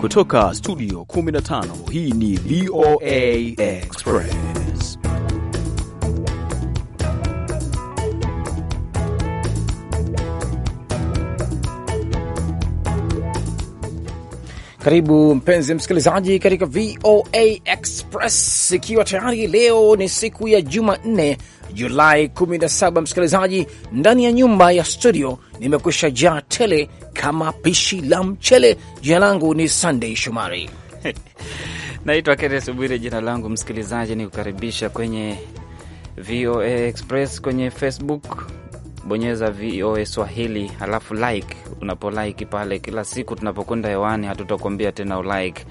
Kutoka studio 15 hii ni VOA Express. Karibu mpenzi msikilizaji katika VOA Express, ikiwa tayari leo ni siku ya Jumanne Julai 17, msikilizaji, ndani ya nyumba ya studio nimekwisha jaa tele kama pishi la mchele. Jina langu ni Sunday Shomari. Naitwa Kenes Bwire, jina langu msikilizaji, ni kukaribisha kwenye VOA Express kwenye Facebook. Bonyeza VOA Swahili halafu like. Unapo pale, kila siku tunapokwenda hewani hatutakuambia tena ulike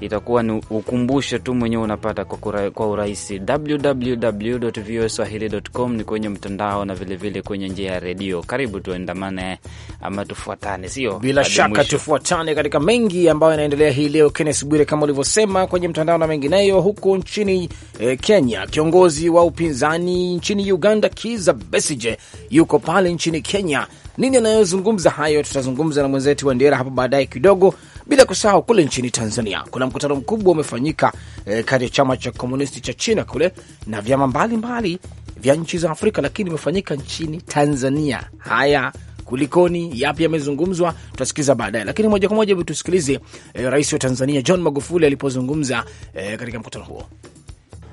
itakuwa ni ukumbusho tu mwenyewe unapata kwa, kwa urahisi. www.voaswahili.com ni kwenye mtandao na vilevile vile kwenye njia ya redio. Karibu tuendamane ama tufuatane, sio bila shaka tufuatane katika mengi ambayo yanaendelea hii leo. kennes Bwire, kama ulivyosema kwenye mtandao na mengineyo, huku nchini eh, Kenya kiongozi wa upinzani nchini Uganda Kiza Besije yuko pale nchini Kenya. Nini anayozungumza hayo, tutazungumza na mwenzetu Wandera hapo baadaye kidogo bila kusahau kule nchini Tanzania kuna mkutano mkubwa umefanyika eh, kati ya chama cha komunisti cha China kule na vyama mbalimbali vya nchi za Afrika, lakini imefanyika nchini Tanzania. Haya, kulikoni? Yapi yamezungumzwa? Tutasikiza baadaye, lakini moja kwa moja tusikilize eh, rais wa Tanzania John Magufuli alipozungumza eh, katika mkutano huo.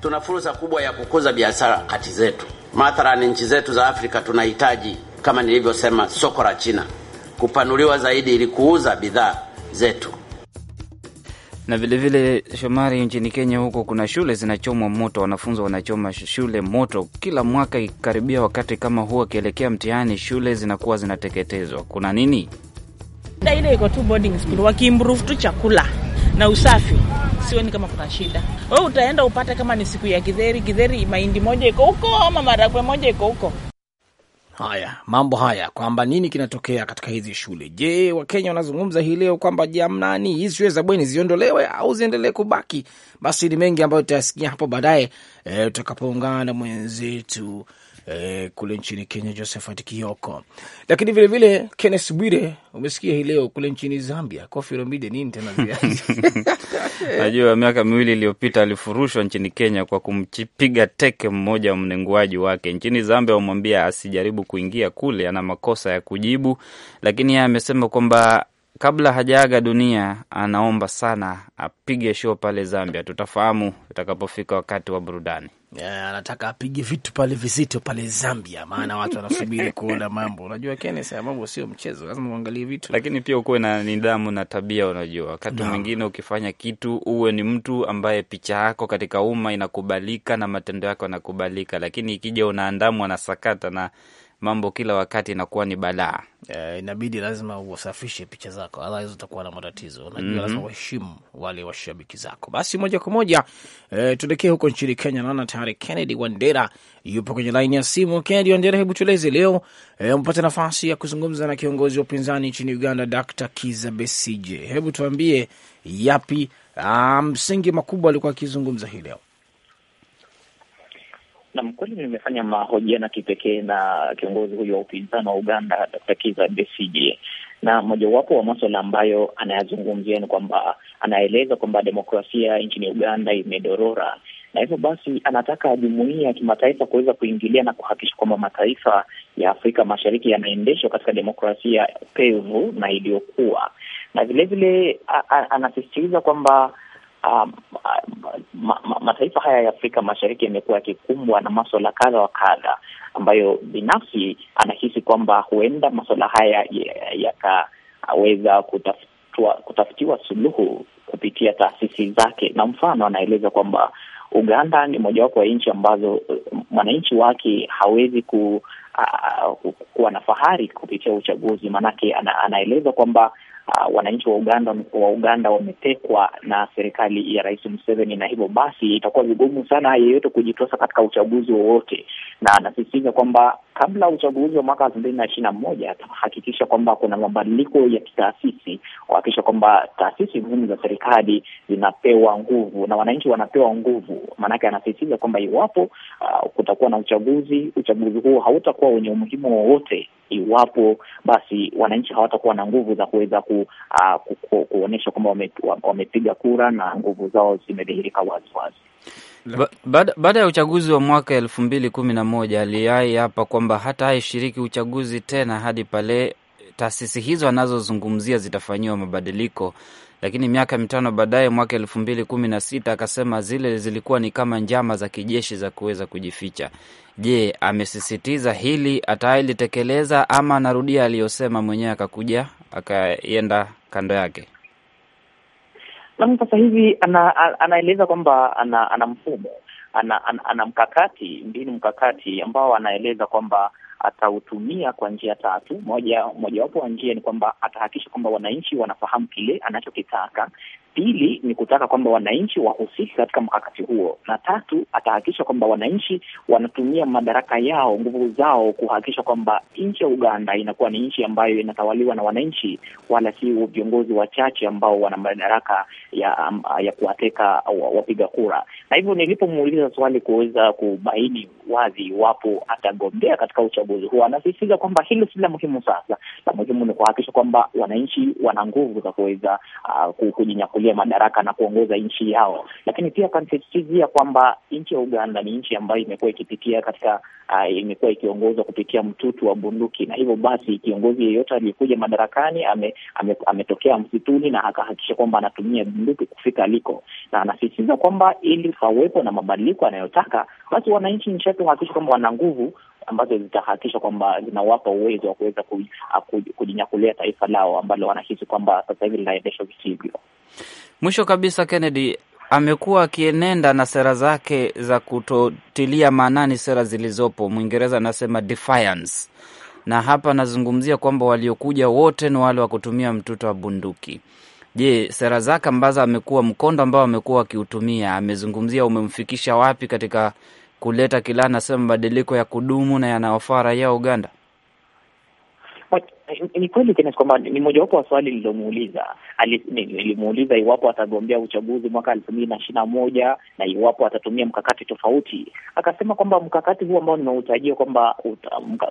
Tuna fursa kubwa ya kukuza biashara kati zetu, mathalani nchi zetu za Afrika. Tunahitaji kama nilivyosema, soko la China kupanuliwa zaidi ili kuuza bidhaa zetu. Na vilevile Shomari, nchini Kenya huko kuna shule zinachomwa moto, wanafunzi wanachoma shule moto kila mwaka. Ikikaribia wakati kama huu, akielekea mtihani, shule zinakuwa zinateketezwa. Kuna nini? Ile iko tu boarding school, wakiimprove tu chakula na usafi, sioni kama kuna shida. Wewe utaenda upate kama ni siku ya kidheri, kidheri mahindi moja iko huko ama maragwe moja iko huko, haya mambo haya kwamba nini kinatokea katika hizi shule. Je, Wakenya wanazungumza hii leo kwamba jamnani, hizi shule za bweni ziondolewe au ziendelee kubaki? Basi ni mengi ambayo tutayasikia hapo baadaye, e, utakapoungana na mwenzetu eh, kule nchini Kenya, Josephat Kioko. Lakini vilevile Kennes Bwire, umesikia hii leo kule nchini Zambia, Koffi Olomide nini tena najua miaka miwili iliyopita alifurushwa nchini Kenya kwa kumpiga teke mmoja wa mnenguaji wake nchini Zambia. Wamwambia asijaribu kuingia kule, ana makosa ya kujibu, lakini yeye amesema kwamba kabla hajaaga dunia, anaomba sana apige show pale Zambia. Tutafahamu utakapofika wakati wa burudani. Yeah, anataka apige vitu pale vizito pale Zambia, maana watu wanasubiri kuona mambo. Unajua Kenes, mambo sio mchezo, lazima uangalie vitu, lakini pia ukuwe na nidhamu na tabia. Unajua wakati no. mwingine ukifanya kitu uwe ni mtu ambaye picha yako katika umma inakubalika na matendo yako yanakubalika, lakini ikija unaandamwa na sakata na mambo kila wakati inakuwa ni balaa. Uh, inabidi lazima uwasafishe picha zako, otherwise utakuwa na matatizo. Unajua, mm -hmm. lazima waheshimu wale washabiki zako. Basi moja kwa moja eh, tuelekee huko nchini Kenya. Naona tayari Kennedy Wandera yupo kwenye laini ya simu. Kennedy Wandera, hebu tueleze leo, uh, e, umepata nafasi ya kuzungumza na kiongozi wa upinzani nchini Uganda, Dr. Kiza Besije. Hebu tuambie yapi msingi um, makubwa alikuwa akizungumza hii leo? Nam, kweli nimefanya mahojiano kipekee na kiongozi huyo wa upinzani wa Uganda, Dkt. Kiza na mojawapo wa maswala ambayo anayazungumzia ni kwamba anaeleza kwamba demokrasia nchini Uganda imedorora na hivyo basi anataka jumuiya ya kimataifa kuweza kuingilia na kuhakikisha kwamba mataifa ya Afrika Mashariki yanaendeshwa katika demokrasia pevu na iliyokuwa, na vilevile anasisitiza kwamba um, ma, ma, mataifa haya ya Afrika Mashariki yamekuwa yakikumbwa na maswala kadha wa kadha ambayo binafsi anahisi kwamba huenda maswala haya yakaweza kutafutiwa, kutafutiwa suluhu kupitia taasisi zake, na mfano anaeleza kwamba Uganda ni mojawapo ya nchi ambazo mwananchi wake hawezi ku, uh, kuwa na fahari kupitia uchaguzi, maanake ana, anaeleza kwamba uh, wananchi wa Uganda wa Uganda wametekwa na serikali ya Rais Museveni, na hivyo basi itakuwa vigumu sana yeyote kujitosa katika uchaguzi wowote, na anasisitiza kwamba kabla uchaguzi wa mwaka elfu mbili na ishirini na moja atahakikisha kwamba kuna mabadiliko ya kitaasisi, kuhakikisha kwamba taasisi muhimu za serikali zinapewa nguvu na wananchi wanapewa nguvu. Maanake anasisitiza kwamba iwapo uh, kutakuwa na uchaguzi, uchaguzi huo hautakuwa wenye umuhimu wowote iwapo basi wananchi hawatakuwa na nguvu za kuweza ku, ah, ku, ku, kuonyesha kwamba wamepiga wame kura na nguvu zao zimedhihirika waziwazi. Baada ba ya uchaguzi wa mwaka elfu mbili kumi na moja aliai hapa kwamba hata haishiriki uchaguzi tena hadi pale taasisi hizo anazozungumzia zitafanyiwa mabadiliko lakini miaka mitano baadaye, mwaka elfu mbili kumi na sita akasema zile zilikuwa ni kama njama za kijeshi za kuweza kujificha. Je, amesisitiza hili atalitekeleza ama anarudia aliyosema mwenyewe akakuja akaenda kando yake? Sasa hivi ana, anaeleza kwamba ana, ana mfumo ana, ana, ana mkakati mbinu mkakati ambao anaeleza kwamba atautumia kwa njia tatu. Moja mojawapo wa njia ni kwamba atahakikisha kwamba wananchi wanafahamu kile anachokitaka, Pili ni kutaka kwamba wananchi wahusike katika mkakati huo, na tatu atahakikisha kwamba wananchi wanatumia madaraka yao, nguvu zao, kuhakikisha kwamba nchi ya Uganda inakuwa ni nchi ambayo inatawaliwa na wananchi, wala si viongozi wachache ambao wana madaraka ya, ya kuwateka wapiga kura. Na hivyo nilipomuuliza swali kuweza kubaini wazi iwapo atagombea katika uchaguzi huo, anasisitiza kwamba hilo si la muhimu sasa. La muhimu ni kuhakikisha kwamba wananchi wana nguvu za kuweza uh, kujinyakulia kuchukulia madaraka na kuongoza nchi yao, lakini pia akasisitizia kwamba nchi ya Uganda ni nchi ambayo imekuwa ikipitia katika uh, imekuwa ikiongozwa kupitia mtutu wa bunduki, na hivyo basi kiongozi yeyote aliyekuja madarakani ame, ame, ametokea msituni na akahakikisha kwamba anatumia bunduki kufika aliko, na anasisitiza kwamba ili pawepo na mabadiliko anayotaka, basi wananchi nchi yetu kwamba wana nguvu ambazo zitahakikisha kwamba zinawapa uwezo wa kuweza uh, kujinyakulia taifa lao ambalo wanahisi kwamba sasa hivi linaendeshwa visivyo. Mwisho kabisa, Kennedy amekuwa akienenda na sera zake za kutotilia maanani sera zilizopo. Mwingereza anasema defiance, na hapa anazungumzia kwamba waliokuja wote ni wale wa kutumia mtuto wa bunduki. Je, sera zake ambazo amekuwa mkondo ambao amekuwa akiutumia, amezungumzia umemfikisha wapi katika kuleta kila anasema mabadiliko ya kudumu na yanayofaa raia wa Uganda? ni kweli tena kwamba ni mojawapo wa swali lilomuuliza nilimuuliza iwapo atagombea uchaguzi mwaka elfu mbili na ishirini na moja na iwapo atatumia mkakati tofauti. Akasema kwamba mkakati huu ambao nimeutajia kwamba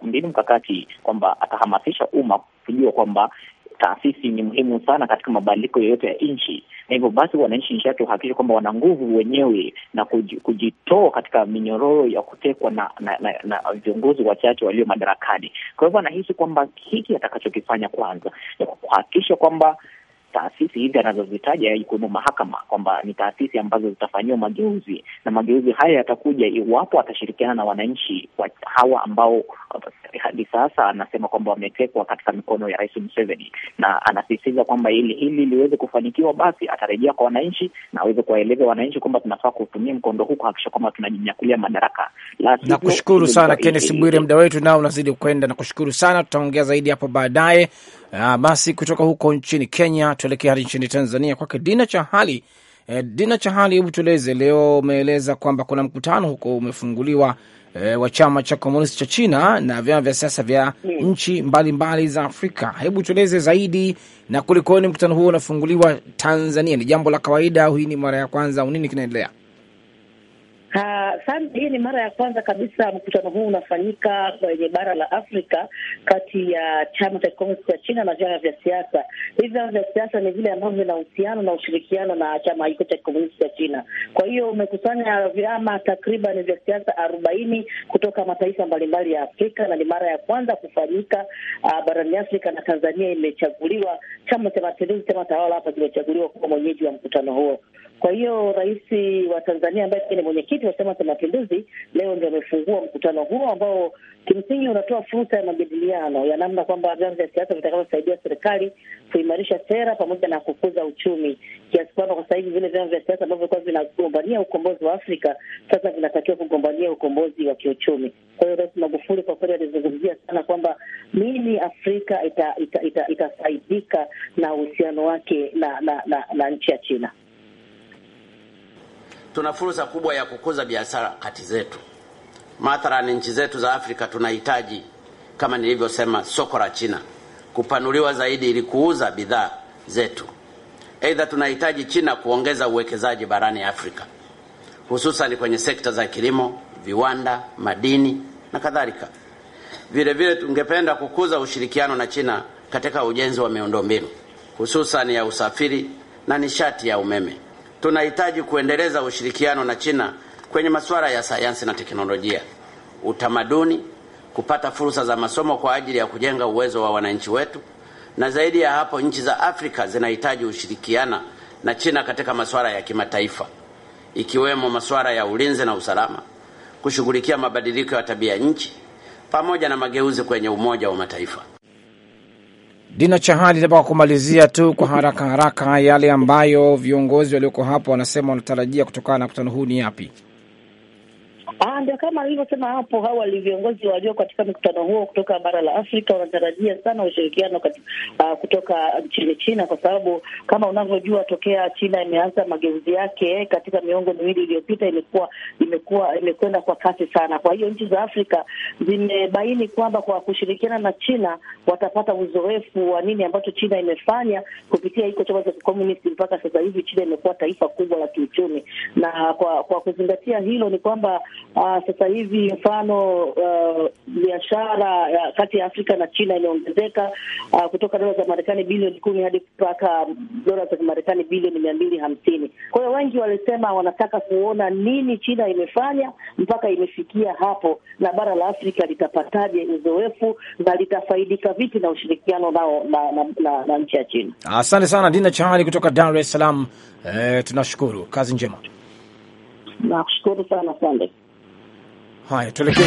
mbinu mkakati kwamba atahamasisha umma kujua kwamba taasisi ni muhimu sana katika mabadiliko yoyote ya nchi na hivyo basi wananchi nishati tuhakikishe kwamba wana nguvu wenyewe na kujitoa katika minyororo ya kutekwa na, na, na, na viongozi wachache walio madarakani. Kwa hivyo anahisi kwamba hiki atakachokifanya kwanza ya kuhakikisha kwamba taasisi hizi anazozitaja ikiwemo mahakama kwamba ni taasisi ambazo zitafanyiwa mageuzi, na mageuzi haya yatakuja iwapo atashirikiana na wananchi wa hawa ambao eh, hadi sasa anasema kwamba wametekwa katika mikono ya Rais Museveni, na anasisitiza kwamba ili hili liweze kufanikiwa, basi atarejea kwa wananchi na aweze kuwaeleza wananchi kwamba tunafaa kutumia mkondo huu kuhakikisha kwamba tunajinyakulia madaraka. Nakushukuru sana Kenneth Bwire, muda wetu nao unazidi kwenda. Nakushukuru sana, tutaongea zaidi hapo baadaye. Uh, basi kutoka huko nchini Kenya tuelekee hadi nchini Tanzania kwake Dina Chahali. Eh, Dina Chahali, hebu tueleze leo, umeeleza kwamba kuna mkutano huko umefunguliwa E, wa chama cha komunisti cha China na vyama vya siasa vya hmm. nchi mbalimbali za Afrika. Hebu tueleze zaidi na kulikoni mkutano huo unafunguliwa Tanzania? Ni jambo la kawaida au hii ni mara ya kwanza au nini kinaendelea? Uh, hii ni mara ya kwanza kabisa mkutano huu unafanyika kwenye bara la Afrika kati ya chama cha kikomunisti cha China na vyama vya siasa. Hivi vyama vya siasa ni vile ambavyo vina uhusiano na ushirikiano na chama hiko cha kikomunisti cha China. Kwa hiyo umekusanya vyama takriban vya siasa arobaini kutoka mataifa mbalimbali ya Afrika na ni mara ya kwanza kufanyika uh, barani Afrika na Tanzania imechaguliwa, chama cha Mapinduzi, chama tawala hapa kimechaguliwa kuwa mwenyeji wa mkutano huo. Kwa hiyo rais wa Tanzania ambaye ni mwenyekiti mwenyekiti wa Chama cha Mapinduzi leo ndio amefungua mkutano huo ambao kimsingi unatoa fursa ya majadiliano ya namna kwamba vyama vya siasa vitakavyosaidia serikali kuimarisha sera pamoja na kukuza uchumi, kiasi kwamba kwa sahivi vile vyama vya siasa ambavyo vilikuwa vinagombania ukombozi wa Afrika sasa vinatakiwa kugombania ukombozi wa kiuchumi. Kwa hiyo Rais Magufuli kwa kweli alizungumzia sana kwamba nini Afrika itasaidika ita, ita, ita, ita na uhusiano wake na, na, na, na nchi ya China tuna fursa kubwa ya kukuza biashara kati zetu. mathalani nchi zetu za Afrika tunahitaji kama nilivyosema, soko la China kupanuliwa zaidi ili kuuza bidhaa zetu. Aidha, tunahitaji China kuongeza uwekezaji barani Afrika, hususan kwenye sekta za kilimo, viwanda, madini na kadhalika. Vile vile tungependa kukuza ushirikiano na China katika ujenzi wa miundombinu hususan ya usafiri na nishati ya umeme tunahitaji kuendeleza ushirikiano na China kwenye masuala ya sayansi na teknolojia, utamaduni, kupata fursa za masomo kwa ajili ya kujenga uwezo wa wananchi wetu, na zaidi ya hapo, nchi za Afrika zinahitaji ushirikiana na China katika masuala ya kimataifa, ikiwemo masuala ya ulinzi na usalama, kushughulikia mabadiliko ya tabia nchi pamoja na mageuzi kwenye Umoja wa Mataifa. Dina Chahali, labda kwa kumalizia tu kwa haraka haraka, yale ambayo viongozi walioko hapa wanasema wanatarajia kutokana na mkutano huu ni yapi? Ah, ndio kama alivyosema hapo awali, viongozi walio katika mkutano huo kutoka bara la Afrika wanatarajia sana ushirikiano kati, uh, kutoka nchini China kwa sababu kama unavyojua tokea China imeanza mageuzi yake katika miongo miwili iliyopita, imekuwa imekuwa imekwenda kwa kasi sana. Kwa hiyo nchi za Afrika zimebaini kwamba kwa kushirikiana na China watapata uzoefu wa nini ambacho China imefanya kupitia iko chama cha kikomunisti. Mpaka sasa hivi China imekuwa taifa kubwa la kiuchumi, na kwa kwa kuzingatia hilo ni kwamba Uh, sasa hivi mfano uh, biashara uh, uh, kati ya Afrika na China imeongezeka uh, kutoka dola za Marekani bilioni kumi hadi mpaka dola za Marekani bilioni mia mbili hamsini. Kwa hiyo wengi walisema wanataka kuona nini China imefanya mpaka imefikia hapo, na bara la Afrika litapataje uzoefu na litafaidika vipi na ushirikiano nao na, na, na, na nchi ya China. Asante sana Dina Chahali kutoka Dar es Salaam. Eh, tunashukuru, kazi njema. Nakushukuru sana sande. Haya, tuelekee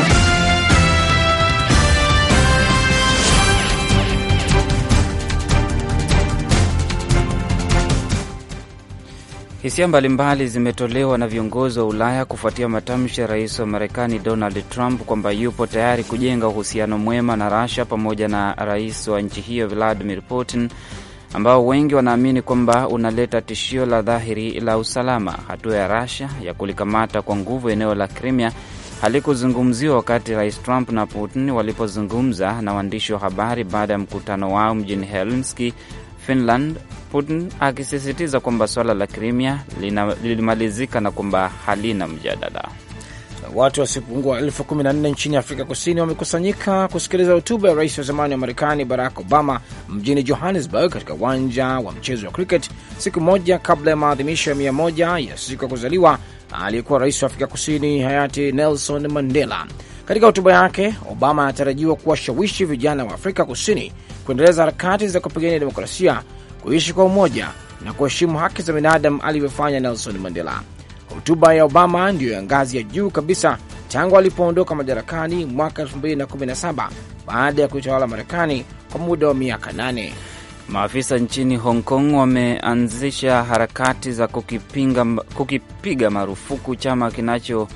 Hisia mbalimbali zimetolewa na viongozi wa Ulaya kufuatia matamshi ya rais wa Marekani Donald Trump kwamba yupo tayari kujenga uhusiano mwema na Russia pamoja na rais wa nchi hiyo Vladimir Putin, ambao wengi wanaamini kwamba unaleta tishio la dhahiri la usalama. Hatua ya Russia ya kulikamata kwa nguvu eneo la Crimea halikuzungumziwa wakati Rais Trump na Putin walipozungumza na waandishi wa habari baada ya mkutano wao mjini Helsinki, Finland, Putin akisisitiza kwamba suala la Krimia lilimalizika na kwamba halina mjadala. Watu wasiopungua elfu kumi na nne nchini Afrika Kusini wamekusanyika kusikiliza hotuba ya rais wa zamani wa Marekani Barack Obama mjini Johannesburg, katika uwanja wa mchezo wa cricket, siku moja kabla ya maadhimisho ya mia moja ya siku ya kuzaliwa aliyekuwa rais wa Afrika Kusini hayati Nelson Mandela. Katika hotuba yake, Obama anatarajiwa kuwashawishi vijana wa Afrika Kusini kuendeleza harakati za kupigania demokrasia, kuishi kwa umoja na kuheshimu haki za binadamu alivyofanya Nelson Mandela. Hotuba ya Obama ndiyo ya ngazi ya juu kabisa tangu alipoondoka madarakani mwaka 2017 baada ya kuitawala Marekani kwa muda wa miaka 8. Maafisa nchini Hong Kong wameanzisha harakati za kukipinga, kukipiga marufuku chama kinacho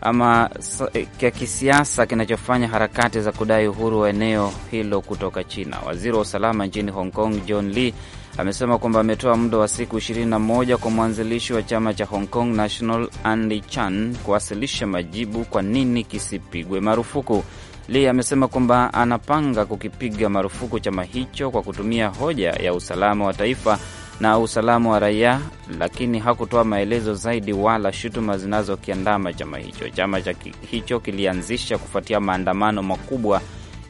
ama eh, kya kisiasa kinachofanya harakati za kudai uhuru wa eneo hilo kutoka China. Waziri wa usalama nchini Hong Kong John Lee amesema kwamba ametoa muda wa siku 21 kwa mwanzilishi wa chama cha Hong Kong National Andy Chan kuwasilisha majibu kwa nini kisipigwe marufuku. Lee amesema kwamba anapanga kukipiga marufuku chama hicho kwa kutumia hoja ya usalama wa taifa na usalama wa raia, lakini hakutoa maelezo zaidi wala shutuma zinazokiandama chama hicho. Chama cha hicho kilianzisha kufuatia maandamano makubwa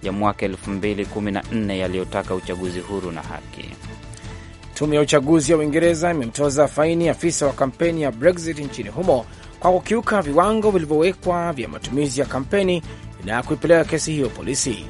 ya mwaka 2014 yaliyotaka uchaguzi huru na haki. Tume ya uchaguzi ya Uingereza imemtoza faini afisa wa kampeni ya Brexit nchini humo kwa kukiuka viwango vilivyowekwa vya matumizi ya kampeni na kuipeleka kesi hiyo polisi.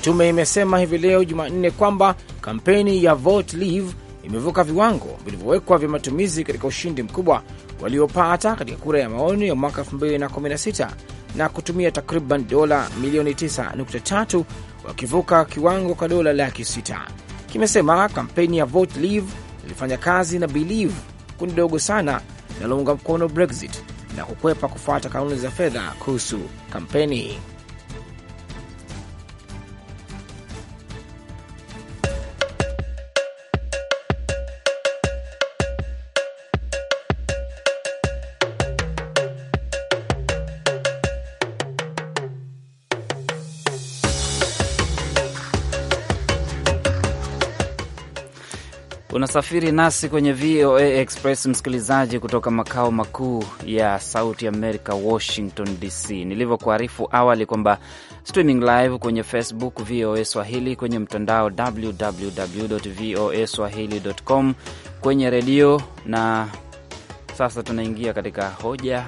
Tume imesema hivi leo Jumanne kwamba kampeni ya Vote Leave imevuka viwango vilivyowekwa vya matumizi katika ushindi mkubwa waliopata katika kura ya maoni ya mwaka 2016 na kutumia takriban dola milioni 9.3 wakivuka kiwango kwa dola laki sita. Kimesema kampeni ya Vote Leave ilifanya kazi na Believe, kundi dogo sana linalounga mkono Brexit na kukwepa kufuata kanuni za fedha kuhusu kampeni. Safiri nasi kwenye VOA Express, msikilizaji, kutoka makao makuu ya Sauti Amerika, Washington DC. Nilivyokuarifu awali kwamba streaming live kwenye Facebook VOA Swahili, kwenye mtandao www voa swahili.com, kwenye redio, na sasa tunaingia katika hoja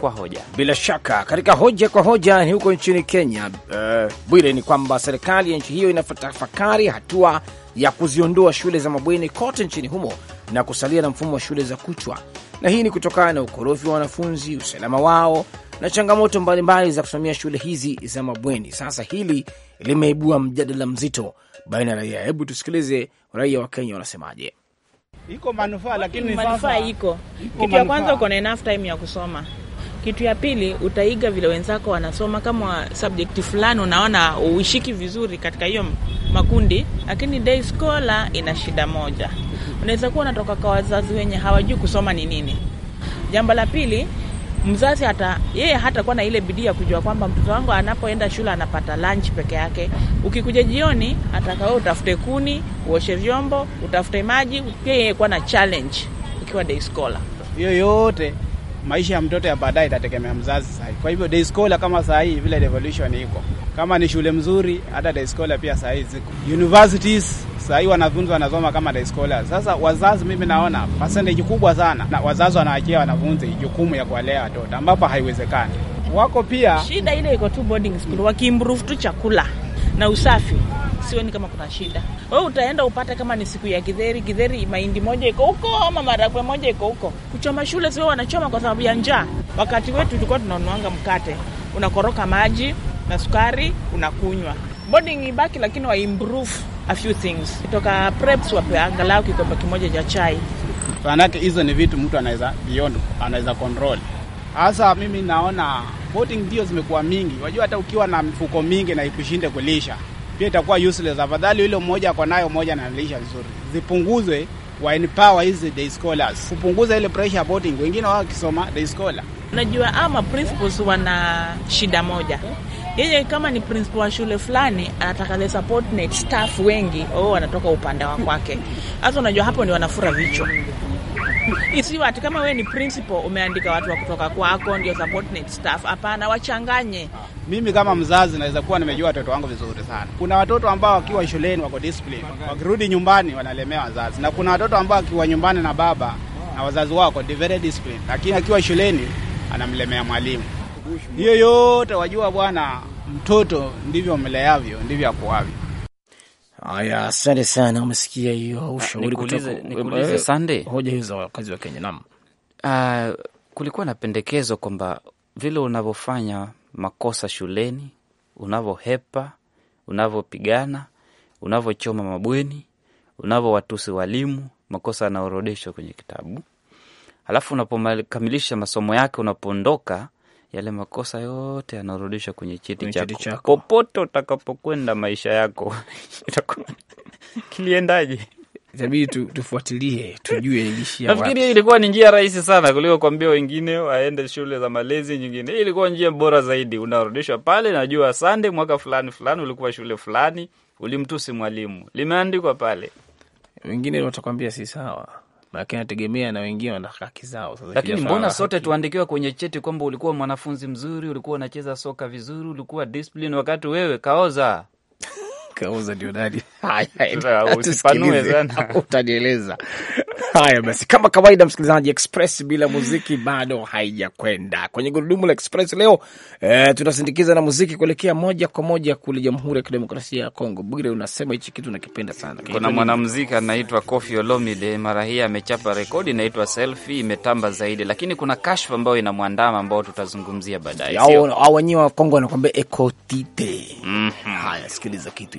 kwa hoja. Bila shaka katika hoja kwa hoja ni huko nchini Kenya. Uh, Bwire, ni kwamba serikali ya nchi hiyo inatafakari hatua ya kuziondoa shule za mabweni kote nchini humo na kusalia na mfumo wa shule za kuchwa, na hii ni kutokana na ukorofi wa wanafunzi, usalama wao na changamoto mbalimbali za kusimamia shule hizi za mabweni. Sasa hili limeibua mjadala mzito baina ya raia. Hebu tusikilize raia wa Kenya wanasemaje. Iko manufaa, lakini manufaa iko kitu ya kwanza, uko na enough time ya kusoma kitu ya pili, utaiga vile wenzako wanasoma. Kama subject fulani unaona uishiki vizuri katika hiyo makundi, lakini day scholar ina shida moja, unaweza kuwa unatoka kwa wazazi wenye hawajui kusoma ni nini. Jambo la pili mzazi hata yeye hatakuwa na ile bidii ya kujua kwamba mtoto wangu anapoenda shule anapata lunch peke yake. Ukikuja jioni, ataka wewe utafute kuni, uoshe vyombo, utafute maji. Pia yeye kuwa na challenge ukiwa day scholar, hiyo yote maisha ya mtoto ya baadaye itategemea mzazi sahi Kwa hivyo day scholar kama sahii vile revolution iko kama ni shule mzuri, hata day scholar pia sahii ziko universities sahii wanafunzi wanasoma kama day scholar. Sasa wazazi, mimi naona percentage kubwa sana na wazazi wanaachia wanafunzi jukumu ya kuwalea watoto ambapo haiwezekani. Wako pia shida ile iko tu boarding school, wakiimprove tu chakula na usafi sioni kama kuna shida. Wewe utaenda upate kama ni siku ya Githeri, Githeri mahindi moja iko huko ama maragwe moja iko huko. Kuchoma shule sio wanachoma kwa sababu ya njaa. Wakati wetu tulikuwa tunanuanga mkate, unakoroka maji na sukari unakunywa. Boarding ibaki, lakini wa improve a few things. Kutoka preps wape angalau kikombe kimoja cha chai. Maanake hizo ni vitu mtu anaweza beyond, anaweza control. Hasa mimi naona voting ndio zimekuwa mingi. Wajua hata ukiwa na mifuko mingi na ikushinde kulisha, pia itakuwa useless. Afadhali ile mmoja kwa nayo moja na analisha vizuri, zipunguzwe wa empower hizi day scholars kupunguza ile pressure voting, wengine wao wakisoma day scholar. Unajua ama principals wana shida moja yeye kama ni principal wa shule fulani anataka support net staff wengi, oh, wanatoka upande wa kwake. Hasa unajua hapo ni wanafura vichwa si watu kama wewe ni principal umeandika watu wa kutoka kwako ndio subordinate staff. Hapana, wachanganye. Ah, mimi kama mzazi naweza kuwa nimejua watoto wangu vizuri sana. Kuna watoto ambao wakiwa shuleni wako discipline, wakirudi nyumbani wanalemea wazazi, na kuna watoto ambao wakiwa nyumbani na baba na wazazi wao wako very discipline, lakini akiwa shuleni anamlemea mwalimu. Hiyo yote wajua, bwana, mtoto ndivyo mleavyo ndivyo akuavyo. Haya, asante sana, umesikia hiyo ah, ushauri kutoka Sande, hoja hizo wakazi wa Kenya. Naam, uh, kulikuwa na pendekezo kwamba vile unavyofanya makosa shuleni, unavyohepa, unavyopigana, unavyochoma mabweni, unavyowatusi walimu, makosa yanaorodeshwa kwenye kitabu, alafu unapokamilisha masomo yake, unapoondoka yale makosa yote yanarudishwa kwenye cheti chako. Chako popote utakapokwenda maisha yako kiliendaje? Itabidi tu, tufuatilie tujue ilishia wapi. Nafikiri ilikuwa ni njia rahisi sana kuliko kuambia wengine waende shule za malezi nyingine. Hii ilikuwa njia bora zaidi, unarudishwa pale. Najua sande, mwaka fulani fulani ulikuwa shule fulani, ulimtusi mwalimu, limeandikwa pale. Wengine watakwambia si sawa lakini nategemea na wengine wana haki zao. Lakini mbona sote tuandikiwa kwenye cheti kwamba ulikuwa mwanafunzi mzuri, ulikuwa unacheza soka vizuri, ulikuwa discipline, wakati wewe kaoza kauza ndio nani? Utanieleza haya basi. Kama kawaida, msikilizaji, Express bila muziki bado haijakwenda kwenye gurudumu la Express leo. Eh, tunasindikiza na muziki kuelekea moja kwa moja kule Jamhuri ya Kidemokrasia ya Kongo. Bwire, unasema hichi kitu nakipenda sana. Kuna mwanamuziki anaitwa Koffi Olomide, mara hii amechapa rekodi inaitwa Selfie, imetamba zaidi, lakini kuna kashfa ambayo inamwandama ambao tutazungumzia baadaye. Au wenyewe wa Kongo wanakuambia ekotite. Mhm. Haya, sikiliza kitu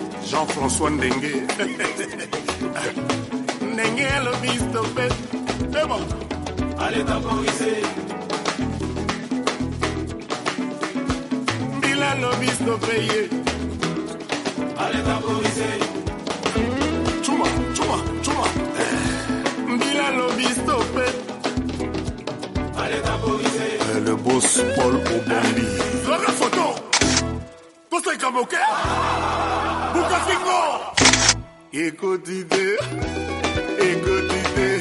Jean-François Ndengue. Ndengue le vice C'est bon. Allez temporiser. Bila le de payer. Allez temporiser. Chuma, chuma, chuma. Bila le paix. Allez temporiser. Euh, le boss Paul Obambi. Dans la photo. Tout c'est comme au Pourquoi c'est mort Écoute idée, écoute idée,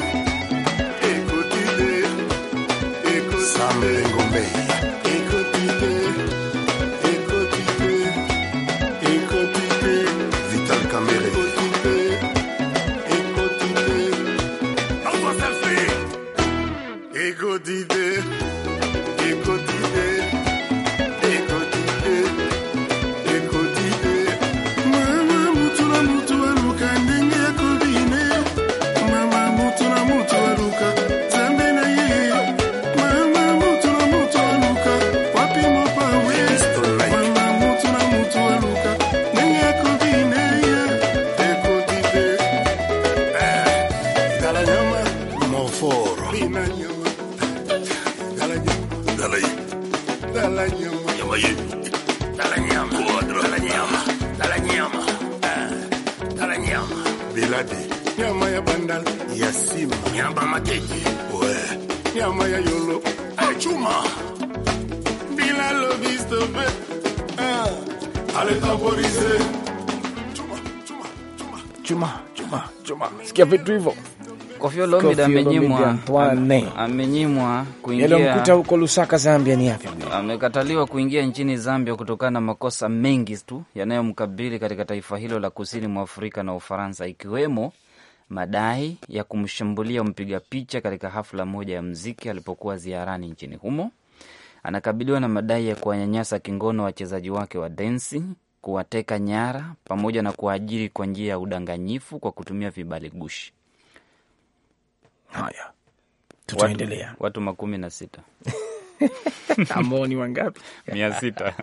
écoute idée, écoute idée, écoute idée. kusikia vitu hivyo. Koffi Olomide amenyimwa amenyimwa kuingia. Yalimkuta huko Lusaka, Zambia ni yapi? Amekataliwa kuingia nchini Zambia kutokana na makosa mengi tu yanayomkabili katika taifa hilo la kusini mwa Afrika na Ufaransa, ikiwemo madai ya kumshambulia mpiga picha katika hafla moja ya mziki alipokuwa ziarani nchini humo. Anakabiliwa na madai ya kuwanyanyasa kingono wachezaji wake wa densi kuwateka nyara pamoja na kuwaajiri kwa njia ya udanganyifu kwa kutumia vibaligushi Haya, tutaendelea. Watu, watu makumi na sita ambao ni wangapi? mia sita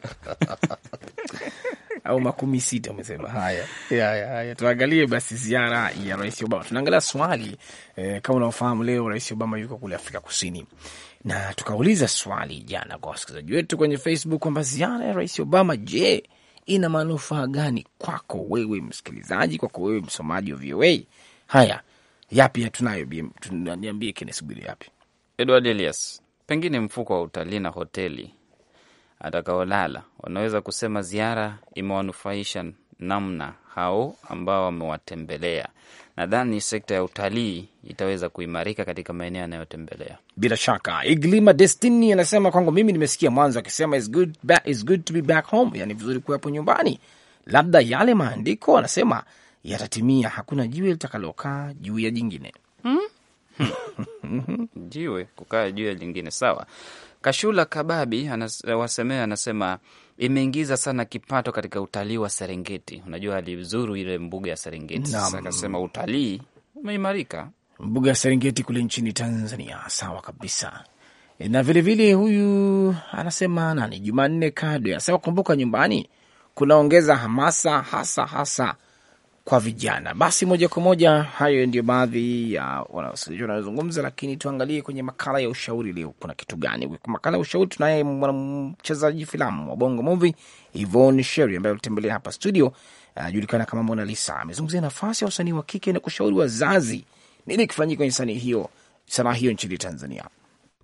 au makumi sita umesema. Haya, haya, haya, tuangalie basi ziara ya rais Obama. Tunaangalia swali eh, kama unaofahamu leo rais Obama yuko kule Afrika Kusini, na tukauliza swali jana kwa wasikilizaji wetu kwenye Facebook kwamba ziara ya rais Obama, je, ina manufaa gani kwako wewe msikilizaji, kwako wewe msomaji wa VOA? Haya, yapi hatunayo? Niambie Kennes Bwire, yapi Edward Elias, pengine mfuko wa utalii na hoteli atakaolala wanaweza kusema ziara imewanufaisha namna hao ambao wamewatembelea. Nadhani sekta ya utalii itaweza kuimarika katika maeneo yanayotembelea. Bila shaka, Iglima Destini anasema kwangu mimi nimesikia mwanzo akisema is good, is good to be back home, yani vizuri kuwepo nyumbani. Labda yale maandiko anasema yatatimia, hakuna jiwe litakalokaa juu ya jingine hmm? jiwe kukaa juu ya jingine. Sawa. Kashula Kababi wasemea anasema imeingiza sana kipato katika utalii wa Serengeti. Unajua alizuru ile mbuga ya Serengeti, sasa akasema utalii umeimarika, mbuga ya Serengeti kule nchini Tanzania. Sawa kabisa e, na vilevile vile huyu anasema nani, Jumanne Kado anasema kumbuka, nyumbani kunaongeza hamasa, hasa hasa kwa vijana. Basi moja kwa moja, hayo ndio baadhi ya wanaosiliji wanayozungumza, lakini tuangalie kwenye makala ya ushauri leo kuna kitu gani? Makala ya ushauri tunaye mchezaji filamu wa Bongo Movie Yvonne Sherry ambaye alitembelea hapa studio, anajulikana uh, kama Mona Lisa. Amezungumzia nafasi ya usanii wa kike na kushauri wazazi nini kifanyike kwenye sanaa hiyo, sanaa hiyo nchini Tanzania.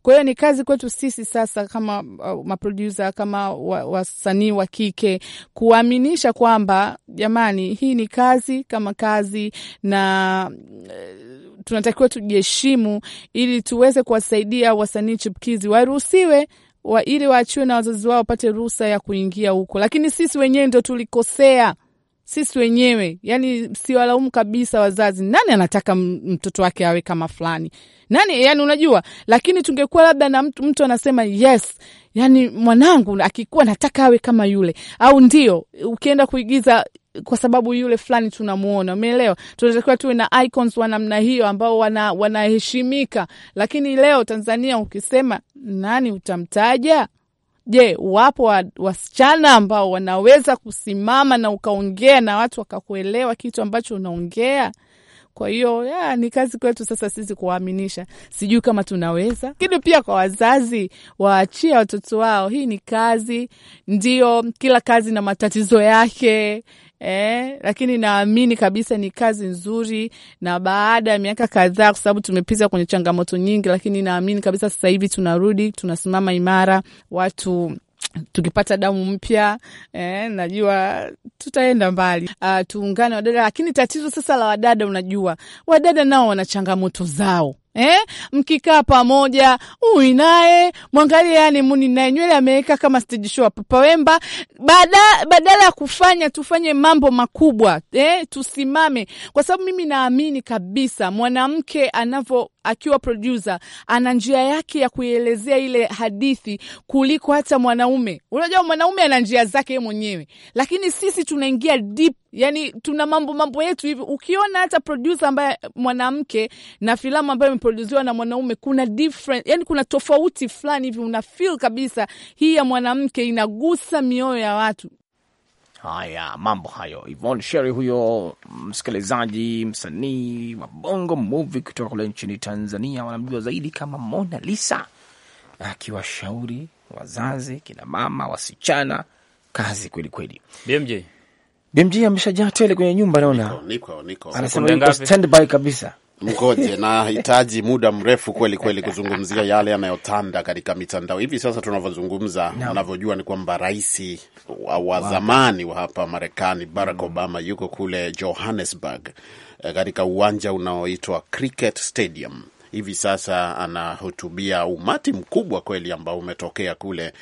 Kwa hiyo ni kazi kwetu sisi sasa kama uh, maprodusa kama wasanii wa, wa kike kuaminisha kwamba jamani, hii ni kazi kama kazi na uh, tunatakiwa tujiheshimu ili tuweze kuwasaidia wasanii chipukizi waruhusiwe wa ili waachiwe na wazazi wao wapate ruhusa ya kuingia huko, lakini sisi wenyewe ndo tulikosea sisi wenyewe, yani siwalaumu kabisa wazazi. Nani anataka mtoto wake awe kama fulani? Nani yani, unajua. Lakini tungekuwa labda na mtu, mtu anasema yes yani mwanangu akikuwa nataka awe kama yule, au ndio ukienda kuigiza kwa sababu yule fulani tunamuona umeelewa? Tunatakiwa tuwe na icons wa namna hiyo ambao wanaheshimika, wana lakini leo Tanzania ukisema nani utamtaja? Je, wapo wa, wasichana ambao wanaweza kusimama na ukaongea na watu wakakuelewa kitu ambacho unaongea? Kwa hiyo ni kazi kwetu sasa sisi kuwaaminisha, sijui kama tunaweza, lakini pia kwa wazazi waachie watoto wao. Hii ni kazi, ndio kila kazi na matatizo yake eh, lakini naamini kabisa ni kazi nzuri, na baada ya miaka kadhaa, kwa sababu tumepita kwenye changamoto nyingi, lakini naamini kabisa sasa hivi tunarudi, tunasimama imara, watu tukipata damu mpya eh, najua tutaenda mbali. Uh, tuungane wadada, lakini tatizo sasa la wadada, unajua wadada nao wana changamoto zao Eh, mkikaa pamoja huyu naye mwangalie, yani muni naye nywele ameweka kama stage show Papa Wemba, badala badala ya kufanya tufanye mambo makubwa eh, tusimame, kwa sababu mimi naamini kabisa mwanamke anavyo akiwa producer ana njia yake ya kuielezea ile hadithi kuliko hata mwanaume. Unajua mwanaume ana njia zake mwenyewe, lakini sisi tunaingia deep yani tuna mambo mambo yetu hivi. Ukiona hata producer ambaye mwanamke na filamu ambayo imeproduziwa na mwanaume, kuna different, yani kuna tofauti fulani hivi, una feel kabisa hii ya mwanamke inagusa mioyo ya watu. Haya, mambo hayo. Ivon sheri huyo msikilizaji, msanii wa bongo movie kutoka kule nchini Tanzania, wanamjua zaidi kama Mona Lisa, akiwashauri wazazi, kina mama, wasichana, kazi kwelikweli. BMJ BMG ameshajaa tele kwenye nyumba, naona anasema yuko standby kabisa. Mgoje nahitaji muda mrefu kweli kweli kuzungumzia yale yanayotanda katika mitandao hivi sasa tunavyozungumza. No. Unavyojua ni kwamba rais wa, wa wow. zamani wa hapa Marekani Barack mm. Obama yuko kule Johannesburg eh, katika uwanja unaoitwa Cricket Stadium hivi sasa anahutubia umati mkubwa kweli ambao umetokea kule,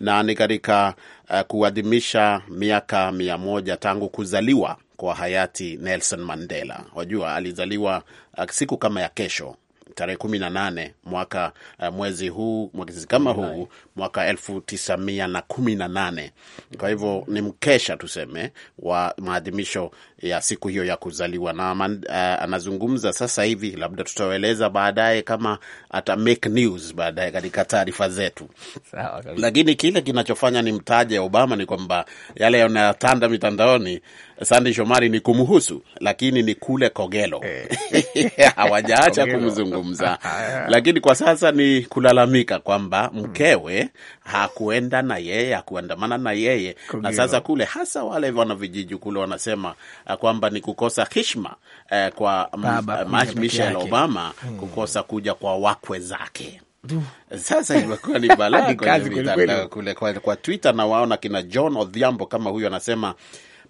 na ni katika uh, kuadhimisha miaka mia moja tangu kuzaliwa kwa hayati Nelson Mandela. Wajua, alizaliwa eh, siku kama ya kesho tarehe kumi na nane mwaka eh, mwezi huu mwezi kama huu mwaka elfu tisa mia na kumi na nane. Kwa hivyo ni mkesha tuseme wa maadhimisho ya siku hiyo ya kuzaliwa na man, uh, anazungumza sasa hivi, labda tutaeleza baadaye kama ata make news baadaye katika taarifa zetu. lakini kile kinachofanya ni nimtaje Obama ni kwamba yale yanayotanda mitandaoni Sande Shomari ni kumhusu, lakini ni kule Kogelo eh. hawajaacha hey. kumzungumza lakini kwa sasa ni kulalamika kwamba hmm. mkewe hakuenda na yeye, hakuandamana na yeye Kogelo. Na sasa kule hasa wale wana vijiji kule wanasema eh, kwamba ni kukosa heshima eh, kwa eh, Michelle Obama hmm. kukosa kuja kwa wakwe zake. Sasa imekuwa ni balaa kwenye mitandao kule kwa, kwa Twitter na waona kina John Odhiambo kama huyu anasema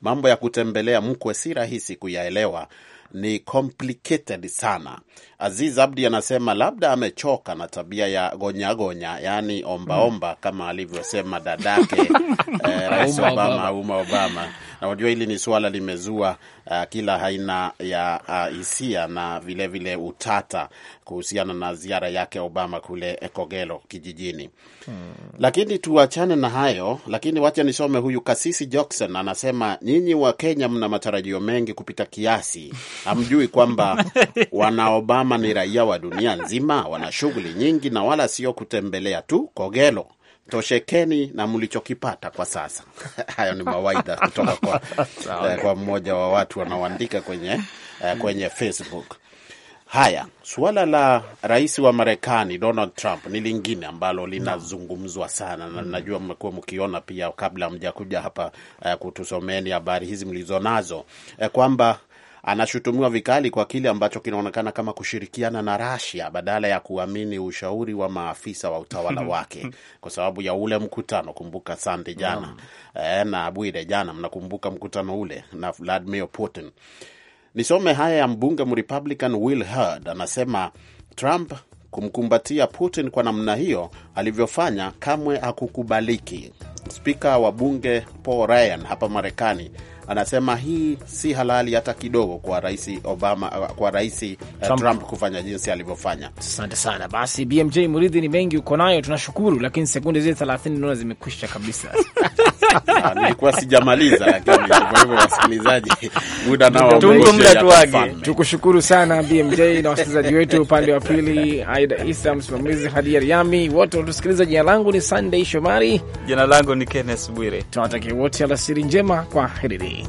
mambo ya kutembelea mkwe si rahisi kuyaelewa, ni complicated sana. Aziz Abdi anasema labda amechoka na tabia ya gonyagonya, yani ombaomba hmm. mm. kama alivyosema dadake eh, Rais Obama uma Obama. Na unajua hili ni suala limezua uh, kila aina ya ah, hisia uh, na vilevile vile utata kuhusiana na ziara yake Obama kule Ekogelo kijijini hmm. Lakini tuachane na hayo, lakini wacha nisome huyu Kasisi Jackson anasema, nyinyi wa Kenya mna matarajio mengi kupita kiasi hamjui kwamba wana Obama ni raia wa dunia nzima, wana shughuli nyingi na wala sio kutembelea tu Kogelo. Toshekeni na mlichokipata kwa sasa. Hayo ni mawaidha kutoka kwa, eh, kwa mmoja wa watu wanaoandika kwenye, eh, kwenye Facebook. Haya, suala la rais wa Marekani Donald Trump ni lingine ambalo linazungumzwa sana, na mm. najua mmekuwa mkiona pia kabla mjakuja hapa eh, kutusomeni habari hizi mlizonazo eh, kwamba anashutumiwa vikali kwa kile ambacho kinaonekana kama kushirikiana na Rasia badala ya kuamini ushauri wa maafisa wa utawala wake kwa sababu ya ule mkutano. Kumbuka Sande jana no. Eh, na Bwire jana, mnakumbuka mkutano ule na Vladimir Putin. Nisome haya ya mbunge Mrepublican Will Hurd, anasema Trump kumkumbatia Putin kwa namna hiyo alivyofanya kamwe hakukubaliki. Spika wa bunge Paul Ryan hapa Marekani anasema hii si halali hata kidogo kwa rais Obama, kwa rais eh, Trump, Trump kufanya jinsi alivyofanya. Asante sana. Basi BMJ Muridhi, ni mengi uko nayo, tunashukuru, lakini sekunde zile 30 naona zimekwisha kabisa. Ah, nilikuwa sijamaliza, lakini kwa hivyo wasikilizaji, muda nao tukushukuru sana BMJ na wasikilizaji wetu upande wa pili, Aida Isa msimamizi, Hadia Riami, wote watusikiliza. Jina langu ni Sunday Shomari, jina langu ni Kenneth Bwire. Tunawatakia wote alasiri njema, kwa herini.